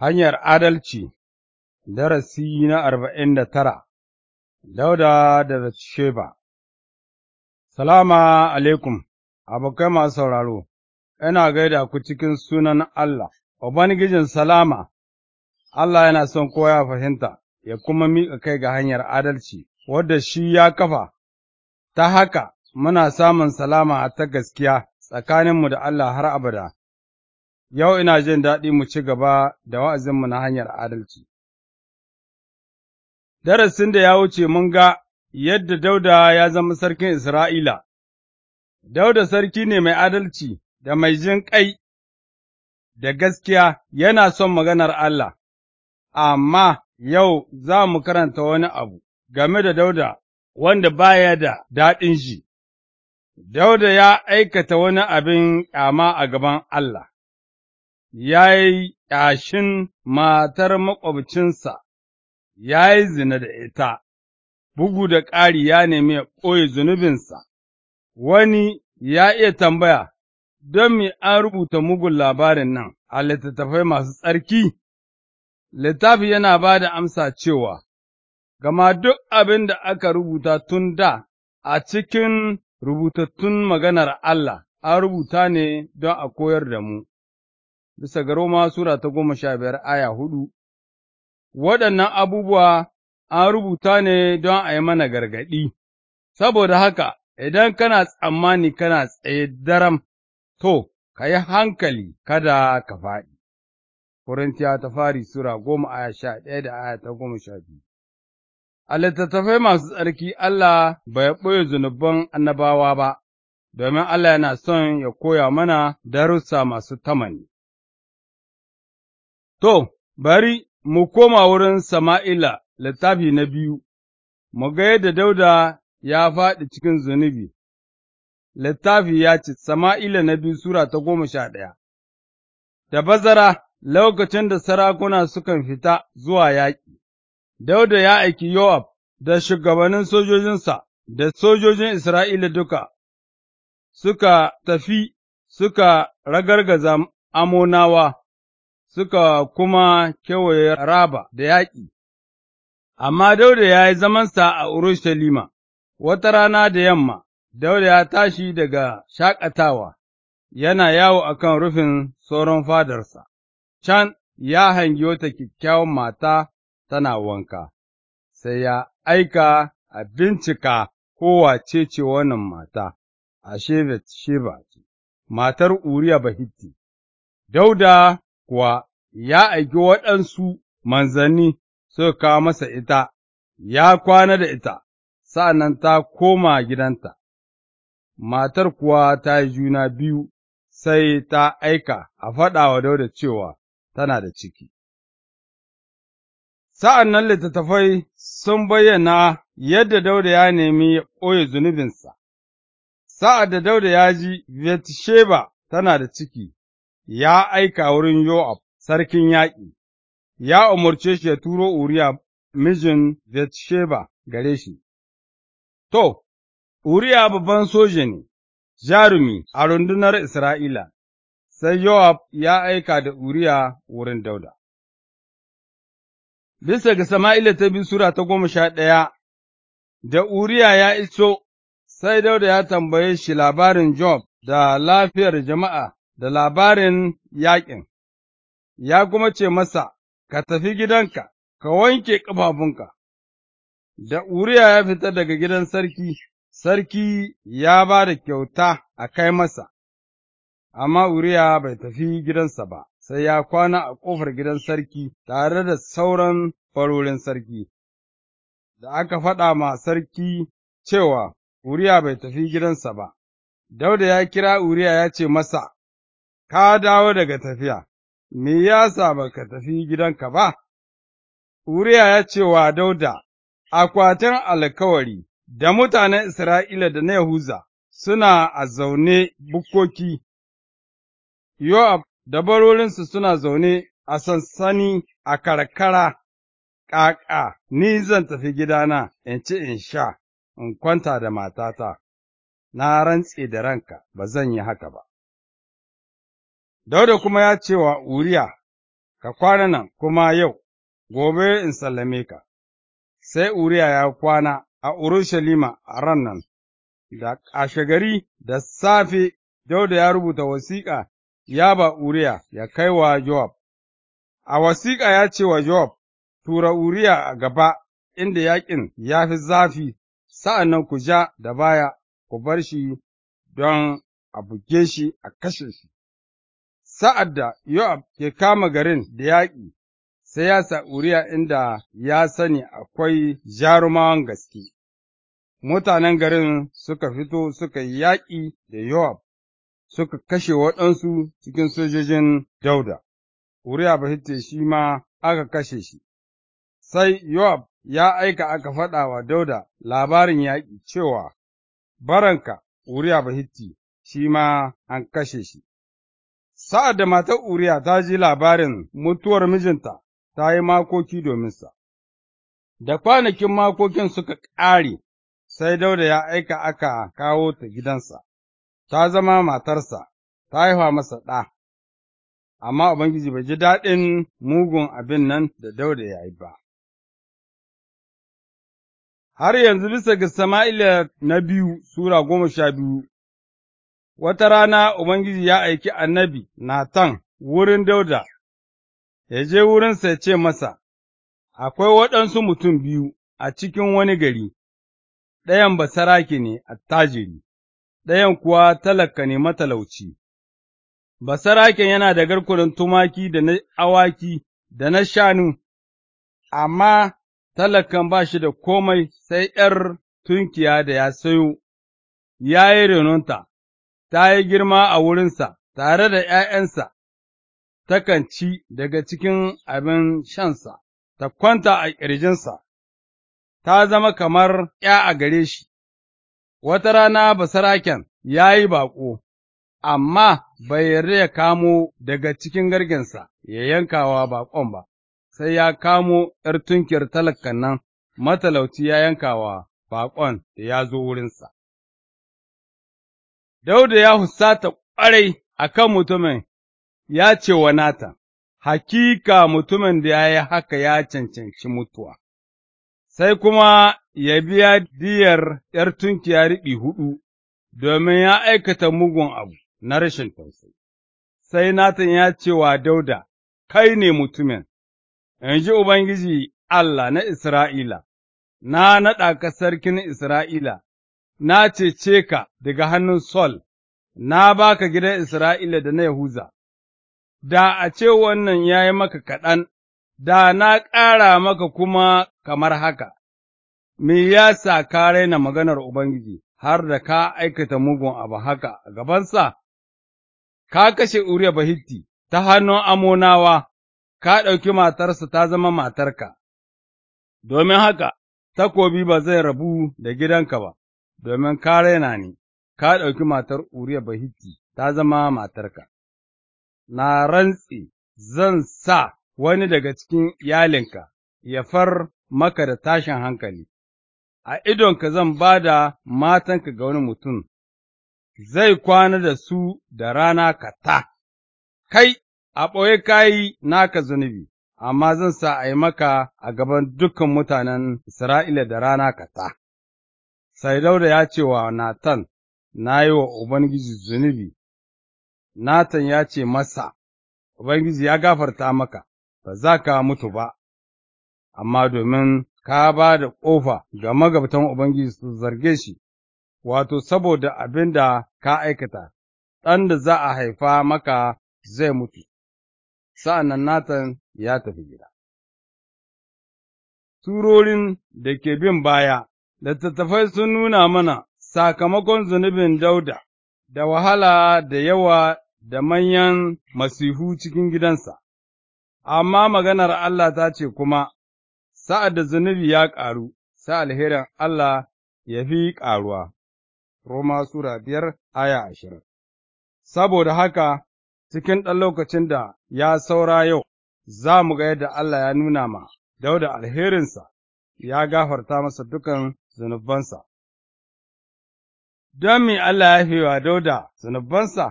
Hanyar Adalci Darasi na arba'in da tara Dauda da Sheba. Salama alaikum, abokai masu sauraro, ina gaida ku cikin sunan Allah, Ubangijin Salama, Allah yana son kowa ya fahimta, ya kuma miƙa kai ga hanyar adalci, wadda shi ya kafa, ta haka muna samun salama ta gaskiya tsakaninmu da Allah har abada. Yau ina jin daɗi mu ci gaba da wa'azinmu na hanyar adalci. Darasin da ya wuce mun ga yadda Dauda ya zama sarkin Isra'ila, Dauda sarki ne mai adalci da mai jin ƙai da gaskiya yana son maganar Allah, amma yau za mu karanta wani abu game da Dauda wanda baya da daɗin shi. Dauda ya aikata wani abin ƙyama a gaban Allah. ya yi ƙyashin matar maƙwabcinsa, ya yi zina da ita, bugu da ƙari ya nemi ya ɓoye zunubinsa, wani ya iya tambaya, don me an rubuta mugun labarin nan a littattafai masu tsarki? Littafi yana ba da amsa cewa, Gama duk abin da aka rubuta tun da a cikin rubutattun maganar Allah, an rubuta ne don a koyar da mu. bisa ga Roma Sura ta goma sha biyar aya hudu, waɗannan abubuwa an rubuta ne don a yi mana gargaɗi, saboda haka idan kana tsammani kana tsaye daram, to, ka yi hankali kada ka faɗi. Korintiya ta fari Sura goma aya sha ɗaya da aya ta goma sha biyu. A littattafai masu tsarki Allah bai ɓoye zunuban annabawa ba, domin Allah yana son ya koya mana darussa masu tamani. To, bari mu koma wurin Sama'ila littafi na biyu, mu ga yadda Dauda ya faɗi cikin zunubi. Littafi ya ce, Sama'ila na biyu Sura ta goma sha ɗaya Da bazara lokacin da sarakuna sukan fita zuwa yaƙi, Dauda ya aiki Yowab da shugabannin sojojinsa da sojojin Isra'ila duka, suka tafi suka ragargaza Amonawa. suka kuma kewaye Raba da yaƙi, amma Dauda ya yi zamansa a Urushalima, wata rana da yamma, Dauda ya tashi daga shaƙatawa, yana yawo a kan rufin sauran fadarsa, can ya hangi wata kyakkyawan mata tana wanka, sai ya aika a bincika ko wace ce wannan mata, ashe Sheba ce, matar Uriya Bahitti. Dauda kuwa ya aiki waɗansu manzanni suka kawo masa ita, ya kwana da ita, sa'an ta koma gidanta, matar kuwa ta yi juna biyu, sai ta aika a faɗa wa Dauda cewa tana da ciki. Sa'an nan littattafai sun bayyana yadda Dauda ya nemi ya ɓoye zunubinsa, sa'ad da Dauda ya ji Betsheba tana da ciki, ya aika wurin Yo'ab sarkin yaƙi, ya umarce shi ya turo Uriya mijin Bethsheba gare shi. To, Uriya babban soja ne, jarumi a rundunar Isra'ila, sai Yo’ab ya aika da Uriya wurin Dauda. Bisa ga Sama'ila ta bi Sura ta goma sha ɗaya, da Uriya ya iso, sai Dauda ya tambaye shi labarin Job da lafiyar jama'a da labarin yaƙin, ya kuma ce masa, Ka tafi gidanka, ka wanke ƙafafunka. Da Uriya ya fita daga gidan sarki, sarki ya ba da kyauta a kai masa, amma Uriya bai tafi gidansa ba, sai ya kwana a ƙofar gidan sarki tare da sauran farorin sarki. Da aka faɗa ma sarki cewa Uriya bai tafi gidansa ba, Dauda ya kira Uriya ya ce masa, ka dawo daga tafiya, me ya yasa baka tafi gidanka ba? Uriya ya ce wa Dauda, Akwatin alkawari da mutanen Isra'ila da na Yahuza suna a zaune bukkoki, Yoab da barorinsu suna zaune a sansani a karkara, ƙaƙa, ni zan tafi gidana in ci in sha, in kwanta da matata, na rantse da ranka ba zan yi haka ba. Dauda kuma ya ce wa Uriya, Ka kwana nan kuma yau, gobe in sallame ka, sai Uriya ya kwana a Urushalima a ran nan, da ƙashegari da safe Dauda ya rubuta wasiƙa ya ba Uriya ya kai wa Joab. A wasiƙa ya ce wa Joab, Tura Uriya a gaba inda yaƙin ya fi zafi, sa'an nan ku ja da baya ku bar shi don a buge shi a kashe shi. Sa'ad da Yo'ab ke kama garin da yaƙi, sai ya sa Uriya inda ya sani akwai jarumawan gaske. Mutanen garin suka fito suka yi yaƙi da Yo'ab, suka kashe waɗansu cikin sojojin Dauda, Uriya Bahitte shi ma aka kashe shi. Sai Yo'ab ya aika aka faɗa wa Dauda labarin yaƙi cewa, Baranka Uriya Bahitti shi ma an kashe shi. Sa'ad da matar Uriya ta ji labarin mutuwar mijinta, ta yi makoki dominsa, da kwanakin makokin suka ƙare, sai Dauda ya aika aka kawo ta gidansa, ta zama matarsa, ta haifa masa ɗa, amma Ubangiji bai ji daɗin mugun abin nan da Dauda ya yi ba. Har yanzu bisa ga Sama'ila na biyu Sura goma sha biyu Wata rana Ubangiji ya aiki annabi Natan wurin Dauda, ya je wurinsa ya ce masa, Akwai waɗansu mutum biyu a cikin wani gari, ɗayan basarake ne tajiri, ɗayan kuwa talaka ne matalauci. Basaraken yana da garkunan tumaki da na awaki da na shanu, amma talakan ba shi da komai sai ’yar tunkiya da ya sayo, ya yi renonta. ta yi girma a wurinsa tare da ’ya'yansa, takan ci daga cikin abin shansa, ta kwanta a ƙirjinsa, ta zama kamar ’ya a gare shi, wata rana basaraken ya yi baƙo, amma bai yarda ya kamo daga cikin gargensa ya yankawa baƙon ba, sai ya kamo ’yar tunkiyar talakan nan matalauci ya yankawa baƙon da ya zo wurinsa. Dauda ya husata ƙwarai a kan mutumin, ya ce wa nata, Hakika mutumin da ya yi haka ya cancanci mutuwa, sai kuma ya biya diyar ’yar ya riɓi huɗu, domin ya aikata mugun abu na rashin tausayi. Sai Natan ya ce wa Dauda, Kai ne mutumin, in ji Ubangiji Allah na Isra'ila, na naɗa ka sarkin Isra'ila, na cece ka daga hannun Sol, na baka gidan Isra'ila da na Yahuza, da a ce wannan ya yi maka kaɗan, da na ƙara maka kuma kamar haka, me ya sa ka raina maganar Ubangiji har da ka aikata mugun abu haka a gabansa? Ka kashe Uriya Bahitti ta hannun Amonawa, ka ɗauki matarsa ta zama matarka, domin haka takobi ba zai rabu da gidanka ba. domin ka raina ni, ka ɗauki matar Uriya Bahiti ta zama matarka, na rantse zan sa wani daga cikin iyalinka ya far maka da tashin hankali, a idonka zan ba da matanka ga wani mutum, zai kwana da su da rana ka ta, kai a ɓoye kayi naka zunubi. amma zan sa a yi maka a gaban dukan mutanen Isra'ila da rana ka ta. sai Dauda ya ce wa Natan, Na yi wa Ubangiji zunubi, Natan ya ce masa, Ubangiji ya gafarta maka, ba za ka mutu ba, amma domin ka ba da ƙofa ga magabtan Ubangiji su zarge shi, wato, saboda abin da ka aikata, ɗan da za a haifa maka zai mutu. Sa'an nan Natan ya tafi gida. Turorin da ke bin baya littattafai sun nuna mana sakamakon zunubin Dauda, da wahala da yawa da manyan masihu cikin gidansa, amma maganar Allah ta ce kuma, Sa'ad da zunubi ya ƙaru, sa alherin Allah ya fi ƙaruwa, Roma Sura biyar aya ashirin. Saboda haka, cikin ɗan lokacin da ya saura yau, za mu ga yadda Allah ya nuna ma Dauda alherinsa, ya gafarta masa dukan zunubansa. Don me Allah ya haife Dauda zunubansa,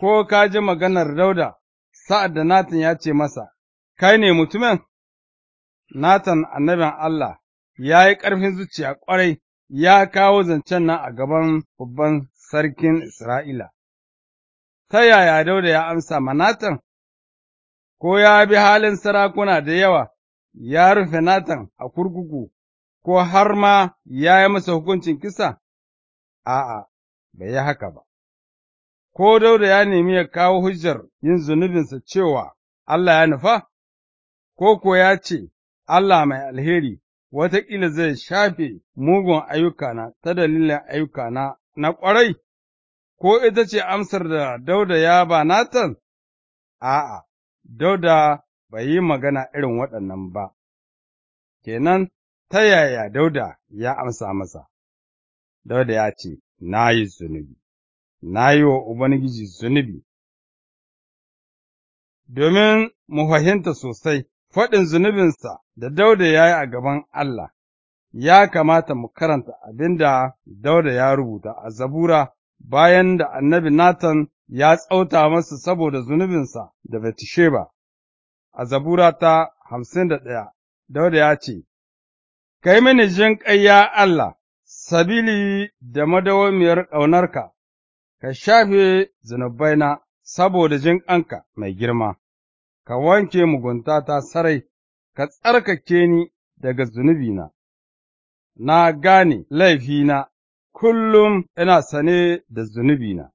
ko ka ji maganar Dauda sa'ad da Natan ya ce masa, Kai ne mutumin? Natan annabin Allah ya yi ƙarfin zuciya ƙwarai, ya kawo zancen nan a gaban babban sarkin Isra'ila. Ta yaya Dauda ya amsa ma Natan? Ko ya bi halin sarakuna da yawa, ya rufe Natan a kurkuku ko har ma ya yi masa hukuncin kisa? A'a, bai yi haka ba. Ko Dauda ya nemi ya kawo hujjar yin zunubinsa cewa Allah ya nufa, ko ko ya ce, Allah mai alheri, wataƙila zai shafe mugun ayyukana ta dalilin ayyukana na ƙwarai, ko ita ce amsar da Dauda ya ba Natan? A'a, Dauda bai yi magana irin waɗannan ba, kenan ta yaya Dauda ya amsa masa, Dauda ya ce, Na yi zunubi, na yi wa Ubangiji zunubi. Domin mu fahimta sosai faɗin zunubinsa da Dauda ya yi a gaban Allah, ya kamata mu karanta abin da Dauda ya rubuta a zabura bayan da annabi Natan ya tsauta masa saboda zunubinsa da Betisheba. A zabura ta hamsin da ɗaya, Dauda ya ce, ka yi mini jin ya Allah, sabili da madawamiyar ƙaunarka, ka shafe zunubaina saboda jin ƙanka mai girma, ka wanke mugunta ta sarai, ka tsarkake ni daga zunubina, na gane laifina, kullum ina sane da zunubina,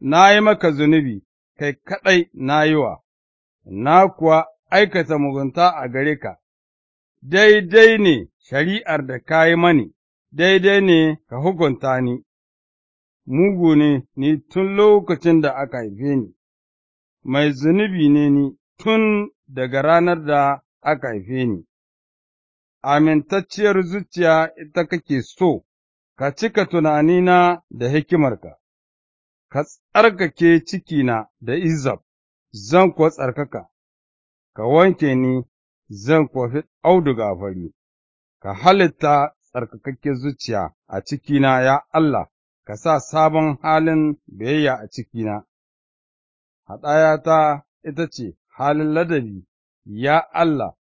na yi maka zunubi, kai kaɗai na yi wa, na kuwa aikata mugunta a gare ka, daidai ne shari'ar da ka yi mani, daidai ne ka hukunta ni, mugu ne ni tun lokacin da aka haife ni, mai zunubi ne ni tun daga ranar da aka haife ni. Amintacciyar zuciya ita kake so, ka cika tunanina da hikimarka, ka tsarkake cikina da izab, zan kuwa tsarkaka, ka wanke ni, zan kuwa fi auduga fari. ka halitta tsarkakakke zuciya a cikina, ya Allah, ka sa sabon halin biyayya a cikina. Haɗayata ita ce halin ladabi, ya Allah,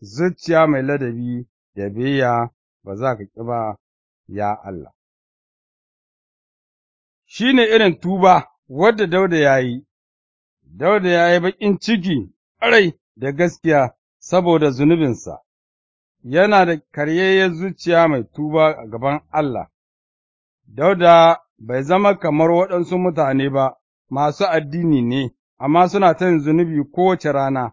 zuciya mai ladabi da biyayya ba za ka ƙi ba, ya Allah. Shi ne irin tuba wadda Dauda ya yi, Dauda ya yi baƙin ciki ƙarai da gaskiya saboda zunubinsa. yana da karyayyar zuciya mai tuba a gaban Allah, Dauda bai zama kamar waɗansu mutane ba, masu addini ne, amma suna ta yin zunubi kowace rana.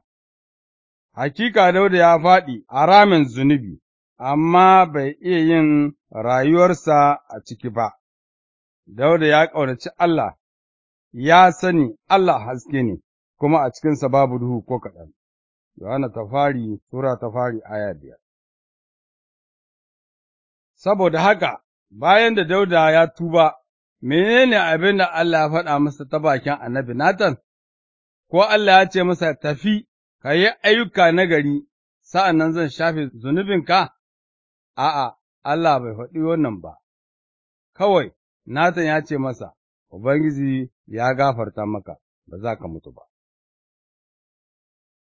Hakika Dauda ya faɗi a ramin zunubi, amma bai iya yin rayuwarsa a ciki ba. Dauda ya ƙaunaci Allah, ya sani Allah haske ne, kuma a cikinsa babu duhu ko kaɗan. Yohana ta fari, Sura ta fari, aya biyar. saboda haka bayan da Dauda ya tuba, menene abin da Allah ya faɗa masa ta bakin annabi Natan? Ko Allah ya ce masa tafi, ka yi ayyuka nagari, sa'an nan zan shafe zunubinka? A'a, Allah bai faɗi wannan ba, kawai Natan ya ce masa, Ubangiji ya gafarta maka, ba za ka mutu ba.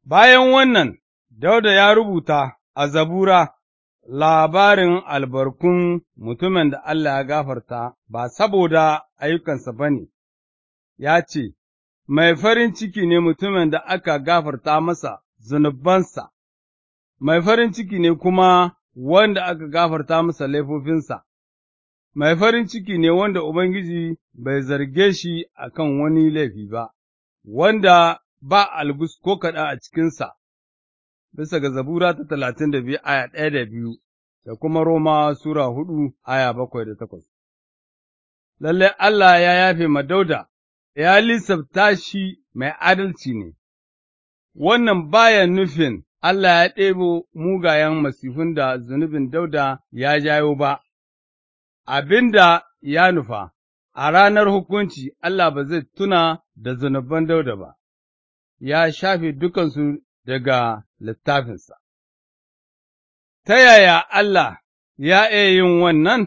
Bayan wannan, Dauda ya rubuta a zabura labarin albarkun mutumin da Allah ya gafarta ba saboda ayyukansa ba ne, ya ce, Mai farin ciki ne mutumin da aka gafarta masa zunubansa, mai farin ciki ne kuma wanda aka gafarta masa laifofinsa, mai farin ciki ne wanda Ubangiji bai zarge shi a kan wani laifi ba, wanda ba algus ko kaɗa a cikinsa. bisa ga Zabura ta talatin da biyu aya ɗaya da biyu, da kuma Roma Sura hudu aya bakwai da takwas. Lallai Allah ya yafe ma Dauda, ya lissafta shi mai adalci ne, wannan bayan nufin Allah ya ɗebo mugayen masifin da zunubin Dauda ya jayo ba, Abinda ya nufa, a ranar hukunci Allah ba zai tuna da zunuban Dauda ba, ya shafe dukansu daga littafinsa. Ta yaya Allah ya iya yin wannan,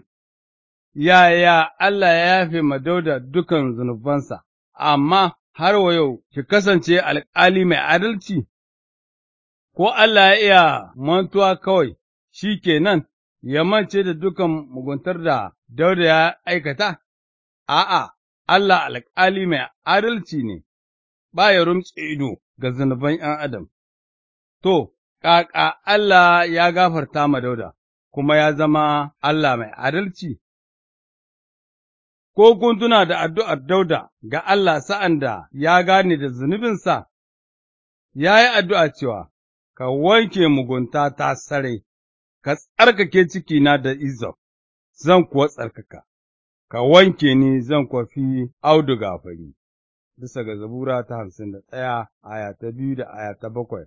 yaya Allah ya yafe ma Dauda dukan zunubansa, amma har wa yau ki kasance alƙali mai adalci? Ko Allah ya iya mantuwa kawai shi kenan ya mance da dukan muguntar da Dauda ya aikata? A'a, Allah alƙali mai adalci ne, ba ya rumtse ido ga zunuban ’yan Adam. to, ƙaƙa Allah ya gafarta ma Dauda, kuma ya zama Allah mai adalci? Ko kun da addu'ar Dauda ga Allah sa'an da ya gane da zunubinsa, ya yi addu'a cewa, Ka wanke mugunta ta sare, ka tsarkake cikina da Izo zan kuwa tsarkaka, ka wanke ni zan kuwa fi auduga fari. bisa ga zabura ta hamsin da ɗaya aya ta biyu da aya ta bakwai.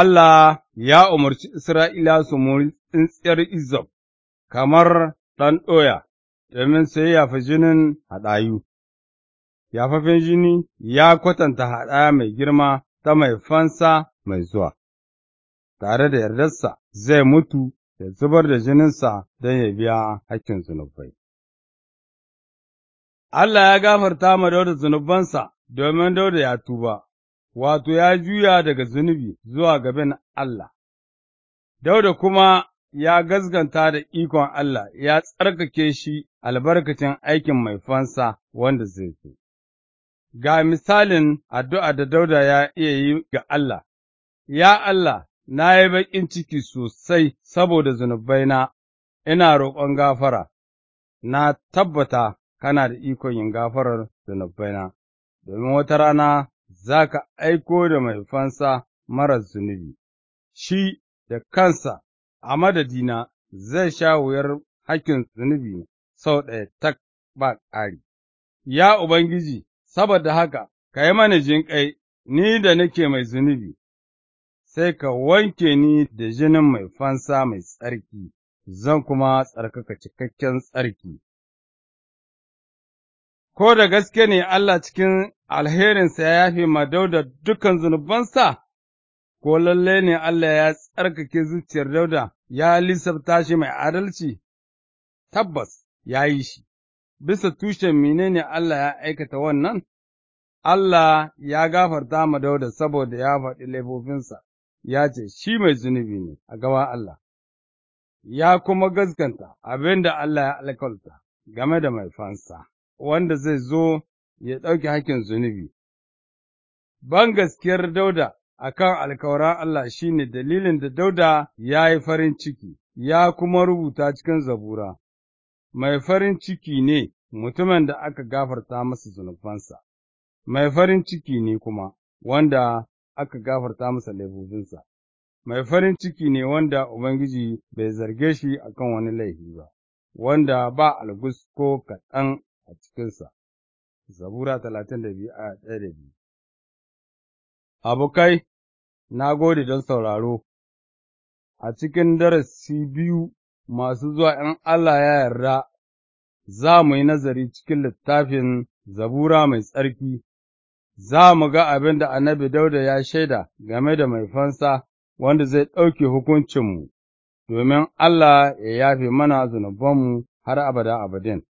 Allah ya umarci Isra'ila su mori tsintsiyar Izzab, kamar ɗan ɗoya, domin sai yafi jinin haɗayu. Yafafen jini ya kwatanta haɗaya mai girma ta mai fansa mai zuwa, tare da yardarsa zai mutu ya zubar da jininsa don ya biya hakkin zunubai. Allah ya gafarta ma Dauda zunubansa domin Dauda ya tuba. wato ya juya daga zunubi zuwa gaban Allah. Dauda kuma ya gazganta da ikon Allah ya tsarkake shi albarkacin aikin mai fansa wanda zai zo. Ga misalin addu'a da Dauda ya iya yi ga Allah, Ya Allah, na yi baƙin ciki sosai saboda zunubaina, ina roƙon gafara, na tabbata kana da ikon yin gafarar zunubaina, domin wata rana za ka aiko da mai fansa marar zunubi, shi da kansa a madadina zai sha wuyar hakkin zunubi sau ɗaya tak ba ƙari. Ya Ubangiji, saboda haka, ka yi mana jinƙai, ni da nake mai zunubi, sai ka wanke ni da jinin mai fansa mai tsarki, zan kuma tsarkaka cikakken tsarki. ko da gaske ne Allah cikin alherinsa ya yafe ma Dauda dukan zunubansa, ko lalle ne Allah ya tsarkake zuciyar Dauda ya lissafta shi mai adalci, tabbas ya yi shi, bisa tushen menene Allah ya aikata wannan? Allah ya gafarta ma Dauda saboda ya faɗi laifofinsa, ya ce, Shi mai zunubi ne a gaba Allah, ya kuma gaskanta abin da Allah ya alkalta game da mai fansa. wanda zai zo ya ɗauki hakkin zunubi. Ban gaskiyar Dauda a kan alkawaran Allah shi ne dalilin da Dauda ya yi farin ciki, ya kuma rubuta cikin zabura, mai farin ciki ne mutumin da aka gafarta masa zunubansa, mai farin ciki ne kuma wanda aka gafarta masa laifofinsa, mai farin ciki ne wanda Ubangiji bai zarge shi akan wani laifi ba, wanda ba algus ko kaɗan a cikinsa. Zabura talatin da biyu a ɗaya da biyu Abokai, na gode don sauraro, a cikin darasi biyu masu zuwa ’yan Allah ya yarda, za mu yi nazari cikin littafin zabura mai tsarki, za mu ga abin da annabi Dauda ya shaida game da mai fansa wanda zai ɗauke hukuncinmu, domin Allah ya yafe mana zunubanmu har abada abadin.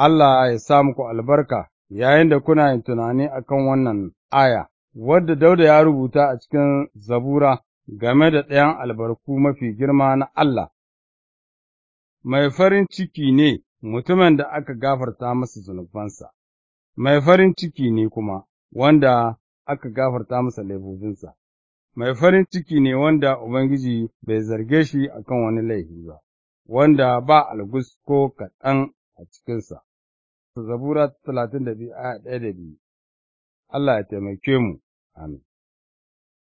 Allah ya sa muku albarka yayin da kuna yin tunani akan wannan aya, wadda Dauda ya rubuta a cikin zabura game da ɗayan albarku mafi girma na Allah, mai farin ciki ne mutumin da aka gafarta masa zunubansa, mai farin ciki ne kuma wanda aka gafarta masa laifofinsa, mai farin ciki ne wanda Ubangiji bai zarge shi akan wani laifi ba, wanda ba algus ko kaɗan a cikinsa. Zabura talatin da biyu aya ɗaya da biyu. Allah ya taimake mu, amin.